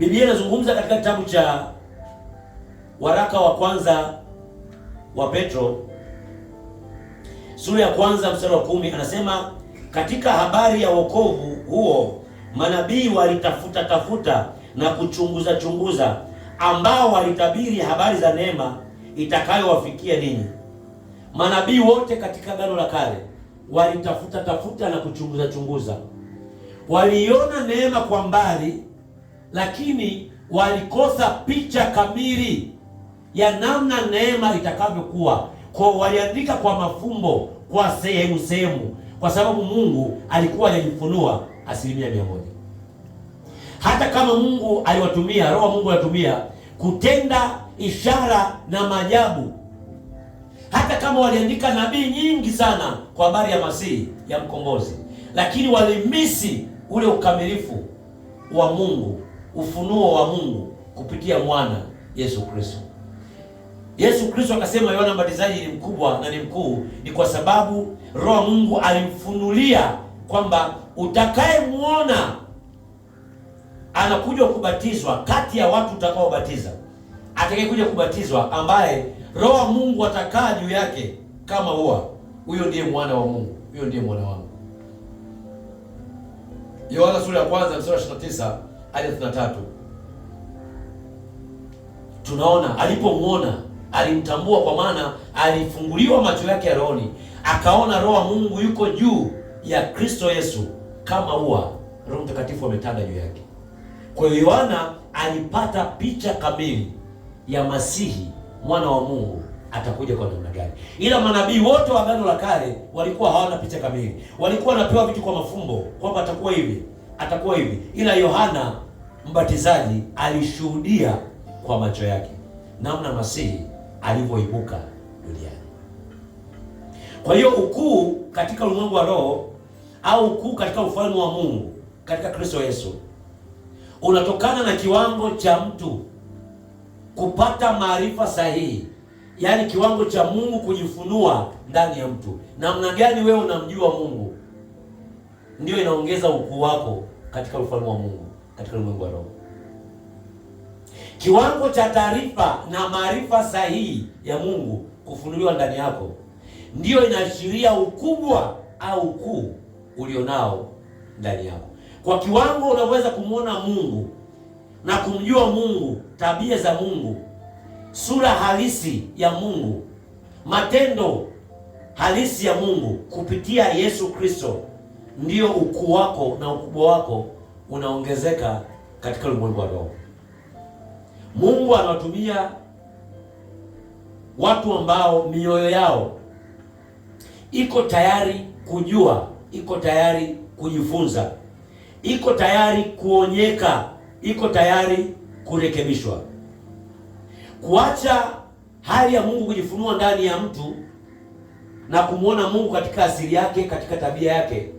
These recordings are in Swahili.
Biblia inazungumza katika kitabu cha waraka wa kwanza wa Petro sura ya kwanza mstari wa kumi anasema, katika habari ya wokovu huo manabii walitafuta tafuta na kuchunguza chunguza, ambao walitabiri habari za neema itakayowafikia ninyi. Manabii wote katika Agano la Kale walitafuta tafuta na kuchunguza chunguza, waliona neema kwa mbali lakini walikosa picha kamili ya namna neema itakavyokuwa. Kwa waliandika kwa mafumbo, kwa sehemu sehemu, kwa sababu Mungu alikuwa alijifunua asilimia mia moja. Hata kama Mungu aliwatumia, roho Mungu aliwatumia kutenda ishara na maajabu, hata kama waliandika nabii nyingi sana kwa habari ya Masihi ya mkombozi, lakini walimisi ule ukamilifu wa Mungu ufunuo wa Mungu kupitia mwana Yesu Kristo. Yesu Kristo akasema Yohana Mbatizaji ni mkubwa na ni mkuu, ni kwa sababu Roho Mungu alimfunulia kwamba utakayemwona anakuja kubatizwa kati ya watu utakaobatiza, atakayekuja kubatizwa ambaye Roho wa Mungu atakaa juu yake kama ua, huyo ndiye mwana wa Mungu, huyo ndiye mwana wangu. Yohana sura ya kwanza mstari wa 29 hadi 33 tunaona alipomwona alimtambua, kwa maana alifunguliwa macho yake ya rohoni, akaona roho wa Mungu yuko juu ya Kristo Yesu kama ua, Roho Mtakatifu ametanda juu yake. Kwa hiyo Yohana alipata picha kamili ya Masihi mwana wa Mungu atakuja kwa namna gani, ila manabii wote wa Agano la Kale walikuwa hawana picha kamili, walikuwa wanapewa vitu kwa mafumbo kwamba atakuwa hivi atakuwa hivi, ila Yohana Mbatizaji alishuhudia kwa macho yake namna Masihi alivyoibuka duniani. Kwa hiyo ukuu katika ulimwengu wa roho au ukuu katika ufalme wa Mungu katika Kristo Yesu unatokana na kiwango cha mtu kupata maarifa sahihi, yaani kiwango cha Mungu kujifunua ndani ya mtu. Namna gani wewe unamjua Mungu ndiyo inaongeza ukuu wako katika ufalme wa Mungu, katika ulimwengu wa roho. Kiwango cha taarifa na maarifa sahihi ya Mungu kufunuliwa ndani yako ndiyo inaashiria ukubwa au ukuu ulionao ndani yako. Kwa kiwango unaweza kumwona Mungu na kumjua Mungu, tabia za Mungu, sura halisi ya Mungu, matendo halisi ya Mungu kupitia Yesu Kristo ndio ukuu wako na ukubwa wako unaongezeka katika ulimwengu wa roho. Mungu anatumia watu ambao mioyo yao iko tayari kujua, iko tayari kujifunza, iko tayari kuonyeka, iko tayari kurekebishwa. Kuacha hali ya Mungu kujifunua ndani ya mtu na kumwona Mungu katika asili yake, katika tabia yake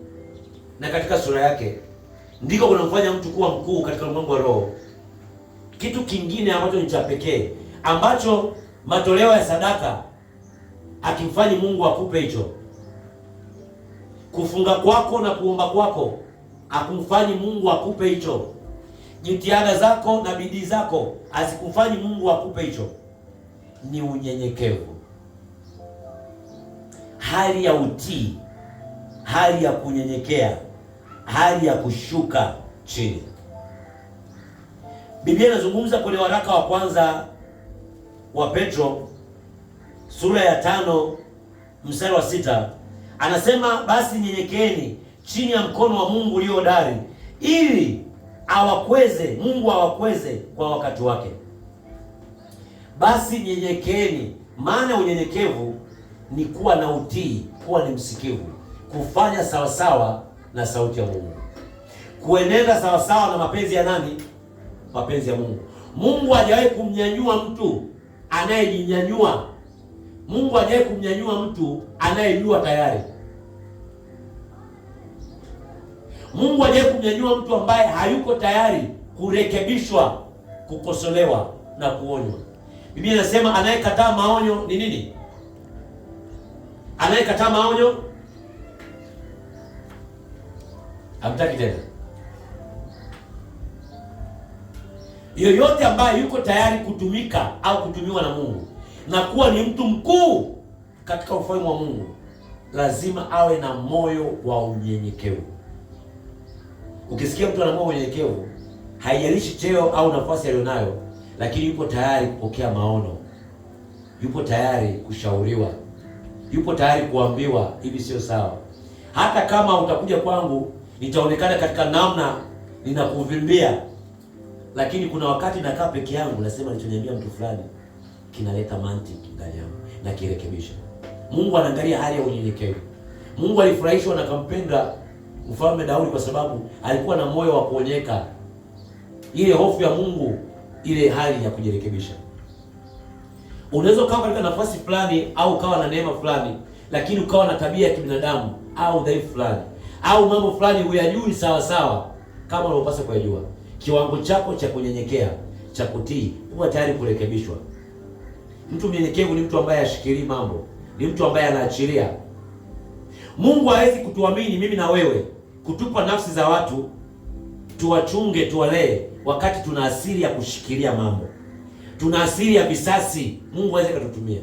na katika sura yake ndiko kunamfanya mtu kuwa mkuu katika ulimwengu wa roho. Kitu kingine ambacho ni cha pekee ambacho matoleo ya sadaka akimfanyi Mungu akupe hicho, kufunga kwako na kuomba kwako akumfanyi Mungu akupe hicho, jitihada zako na bidii zako azikufanyi Mungu akupe hicho, ni unyenyekevu, hali ya utii, hali ya kunyenyekea hali ya kushuka chini. Biblia inazungumza kwenye waraka wa kwanza wa Petro sura ya tano mstari wa sita anasema, basi nyenyekeeni chini ya mkono wa Mungu ulio hodari, ili awakweze, Mungu awakweze kwa wakati wake. Basi nyenyekeeni, maana unyenyekevu ni kuwa na utii, kuwa ni msikivu, kufanya sawasawa na sauti ya Mungu, kuenenda sawasawa na mapenzi ya nani? Mapenzi ya Mungu. Mungu hajawahi kumnyanyua mtu anayejinyanyua. Mungu hajawahi kumnyanyua mtu anayejua tayari. Mungu hajawahi kumnyanyua mtu ambaye hayuko tayari kurekebishwa, kukosolewa na kuonywa. Biblia inasema anayekataa maonyo ni nini? Anayekataa maonyo hamtaki tena. Yoyote ambaye yuko tayari kutumika au kutumiwa na Mungu na kuwa ni mtu mkuu katika ufalme wa Mungu lazima awe na moyo wa unyenyekevu. Ukisikia mtu ana moyo wa unyenyekevu, haijalishi cheo au nafasi aliyonayo, lakini yupo tayari kupokea maono, yupo tayari kushauriwa, yupo tayari kuambiwa hivi sio sawa. Hata kama utakuja kwangu nitaonekana katika namna ninakuvimbia, lakini kuna wakati nakaa peke yangu, nasema nilichoniambia mtu fulani kinaleta mantiki ndani yangu na kirekebisha. Mungu anaangalia hali ya unyenyekevu. Mungu alifurahishwa na kampenda Mfalme Daudi kwa sababu alikuwa na moyo wa kuonyeka, ile hofu ya Mungu, ile hali ya kujirekebisha. Unaweza ukawa katika nafasi fulani au ukawa na neema fulani, lakini ukawa na tabia ya kibinadamu au dhaifu fulani au mambo fulani huyajui sawa sawa kama unaopaswa kuyajua. Kiwango chako cha kunyenyekea cha kutii, kuwa tayari kurekebishwa. Mtu mnyenyekevu ni mtu ambaye ashikilii mambo, ni mtu ambaye anaachilia. Mungu hawezi kutuamini mimi na wewe kutupa nafsi za watu tuwachunge, tuwalee, wakati tuna asili ya kushikilia mambo, tuna asili ya visasi. Mungu hawezi kututumia.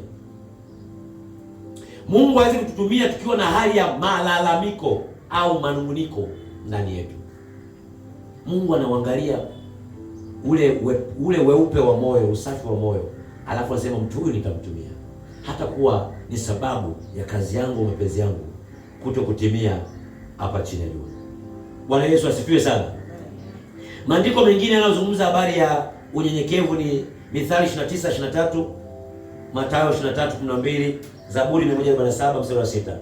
Mungu hawezi kututumia tukiwa na hali ya malalamiko au manunguniko ndani yetu. Mungu anauangalia ule we, ule weupe wa moyo, usafi wa moyo, alafu anasema mtu huyu nitamtumia, hata kuwa ni sababu ya kazi yangu, mapenzi yangu kuto kutimia hapa chini ya jua. Bwana Yesu asifiwe sana. Maandiko mengine yanayozungumza habari ya unyenyekevu ni Mithali 29:23, Mathayo 23:12, Zaburi 147 mstari wa 6.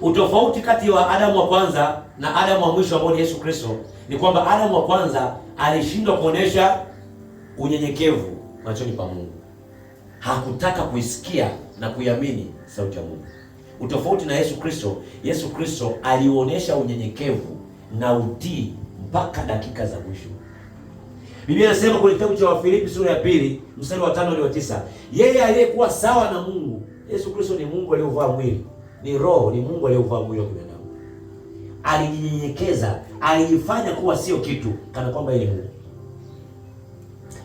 Utofauti kati wa Adamu wa kwanza na Adamu wa mwisho ambao ni Yesu Kristo ni kwamba Adamu wa kwanza alishindwa kuonesha unyenyekevu machoni pa Mungu, hakutaka kuisikia na kuiamini sauti ya Mungu. Utofauti na Yesu Kristo, Yesu Kristo alionyesha unyenyekevu na utii mpaka dakika za mwisho. Biblia inasema kwenye kitabu cha Wafilipi sura ya pili mstari wa tano hadi wa tisa yeye aliyekuwa sawa na Mungu. Yesu Kristo ni Mungu aliyovaa mwili ni roho, ni Mungu aliyovaa mwili wa binadamu. Alijinyenyekeza, alijifanya kuwa sio kitu, kana kwamba yeye Mungu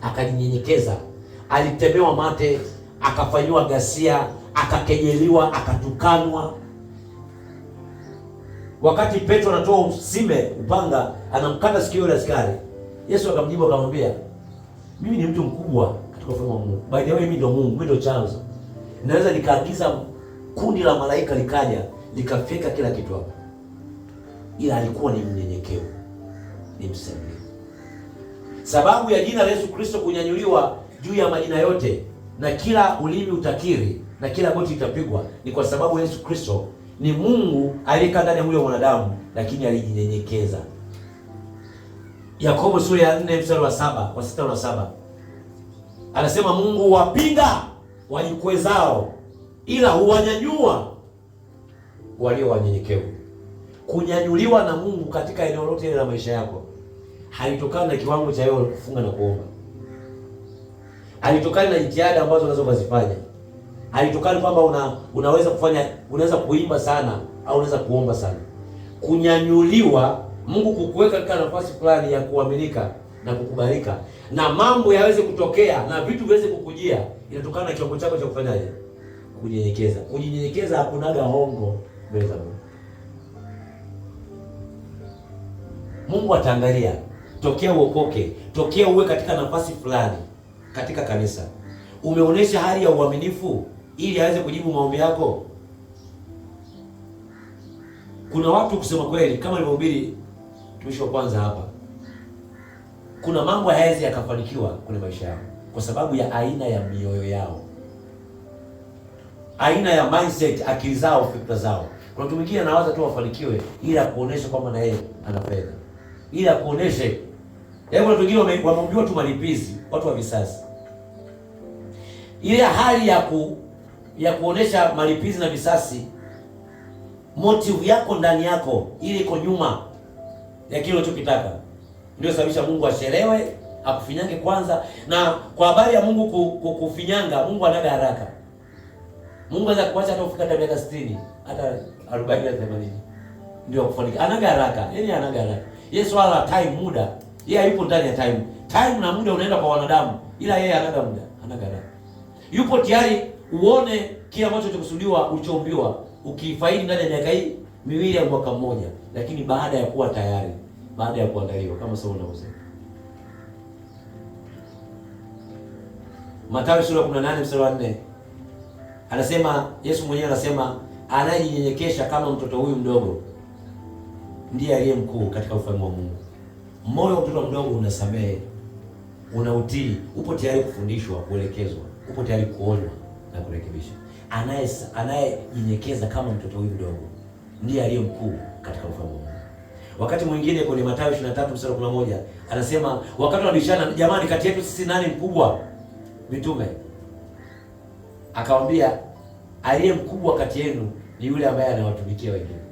akajinyenyekeza, alitemewa mate, akafanyiwa ghasia, akakejeliwa, akatukanwa. Wakati Petro anatoa usime upanga, anamkata sikio la askari, Yesu akamjibu akamwambia, mimi ni mtu mkubwa katika ufalme wa Mungu. By the way, mimi ndo Mungu, mimi ndo chanzo, naweza nikaagiza kundi la malaika likaja likafika kila kitu hapo, ila alikuwa ni mnyenyekevu, ni msamehe. Sababu ya jina la Yesu Kristo kunyanyuliwa juu ya majina yote na kila ulimi utakiri na kila goti itapigwa ni kwa sababu Yesu Kristo ni Mungu aliyekaa ndani ya huyo wa mwanadamu, lakini alijinyenyekeza. Yakobo sura ya 4 mstari wa saba wa sita na saba anasema Mungu wapinga wajikwezao ila huwanyanyua walio wanyenyekevu. Kunyanyuliwa na Mungu katika eneo lote la maisha yako haitokani na kiwango cha wewe kufunga na kuomba, haitokani na jitihada ambazo unaweza kuzifanya, haitokani kwamba una, unaweza kufanya unaweza kuimba sana au unaweza kuomba sana. Kunyanyuliwa, Mungu kukuweka katika nafasi fulani ya kuaminika na kukubalika na mambo yaweze kutokea na vitu viweze kukujia, inatokana na kiwango chako cha kufanyaje kunyenyekeza. Kujinyenyekeza hakunaga hongo mbele za Mungu. Mungu ataangalia, tokea uokoke, tokea uwe katika nafasi fulani katika kanisa, umeonyesha hali ya uaminifu ili aweze kujibu maombi yako. Kuna watu kusema kweli, kama nilivyohubiri mtumishi wa kwanza hapa, kuna mambo hayawezi yakafanikiwa kwenye maisha yao kwa sababu ya aina ya mioyo yao aina ya mindset, akili zao, fikra zao. Kuna mtu mwingine anawaza tu wafanikiwe ili akuoneshe kwamba na yeye ana fedha, ili akuoneshe. Hebu yaani watu wengine wameambiwa tu malipizi, watu wa visasi, ile hali ya ku ya kuonesha malipizi na visasi. Motive yako ndani yako ile iko nyuma ya kile unachokitaka, ndio sababisha Mungu achelewe akufinyange kwanza. Na kwa habari ya Mungu kufinyanga, Mungu anaga haraka Mungu anaweza kuacha hata ufika hata miaka 60, hata 40 80. Ndio kufanikiwa. Ana haraka. Yeye ana haraka. Yeye swala time muda. Yeye hayupo ndani ya time. Time na muda unaenda kwa wanadamu. Ila yeye ana muda. ana haraka. Yupo tayari uone kile ambacho kilichokusudiwa uchombiwa ukifaidi ndani ya miaka hii miwili au mwaka mmoja, lakini baada ya kuwa tayari, baada ya kuandaliwa kama sasa unauza Mathayo sura ya 18 mstari wa 4. Anasema Yesu mwenyewe anasema, anayejinyenyekesha kama mtoto huyu mdogo ndiye aliye mkuu katika ufalme wa Mungu. Moyo wa mtoto mdogo unasamehe, unautii, upo tayari kufundishwa, kuelekezwa, upo tayari kuonywa na kurekebisha Anaye anayejinyenyekeza kama mtoto huyu mdogo ndiye aliye mkuu katika ufalme wa Mungu. Wakati mwingine kwenye Mathayo 23 mstari wa 11 anasema, wakati wanabishana, jamani, kati yetu sisi nani mkubwa? Mitume akamwambia aliye mkubwa kati yenu ni yule ambaye anawatumikia wengine.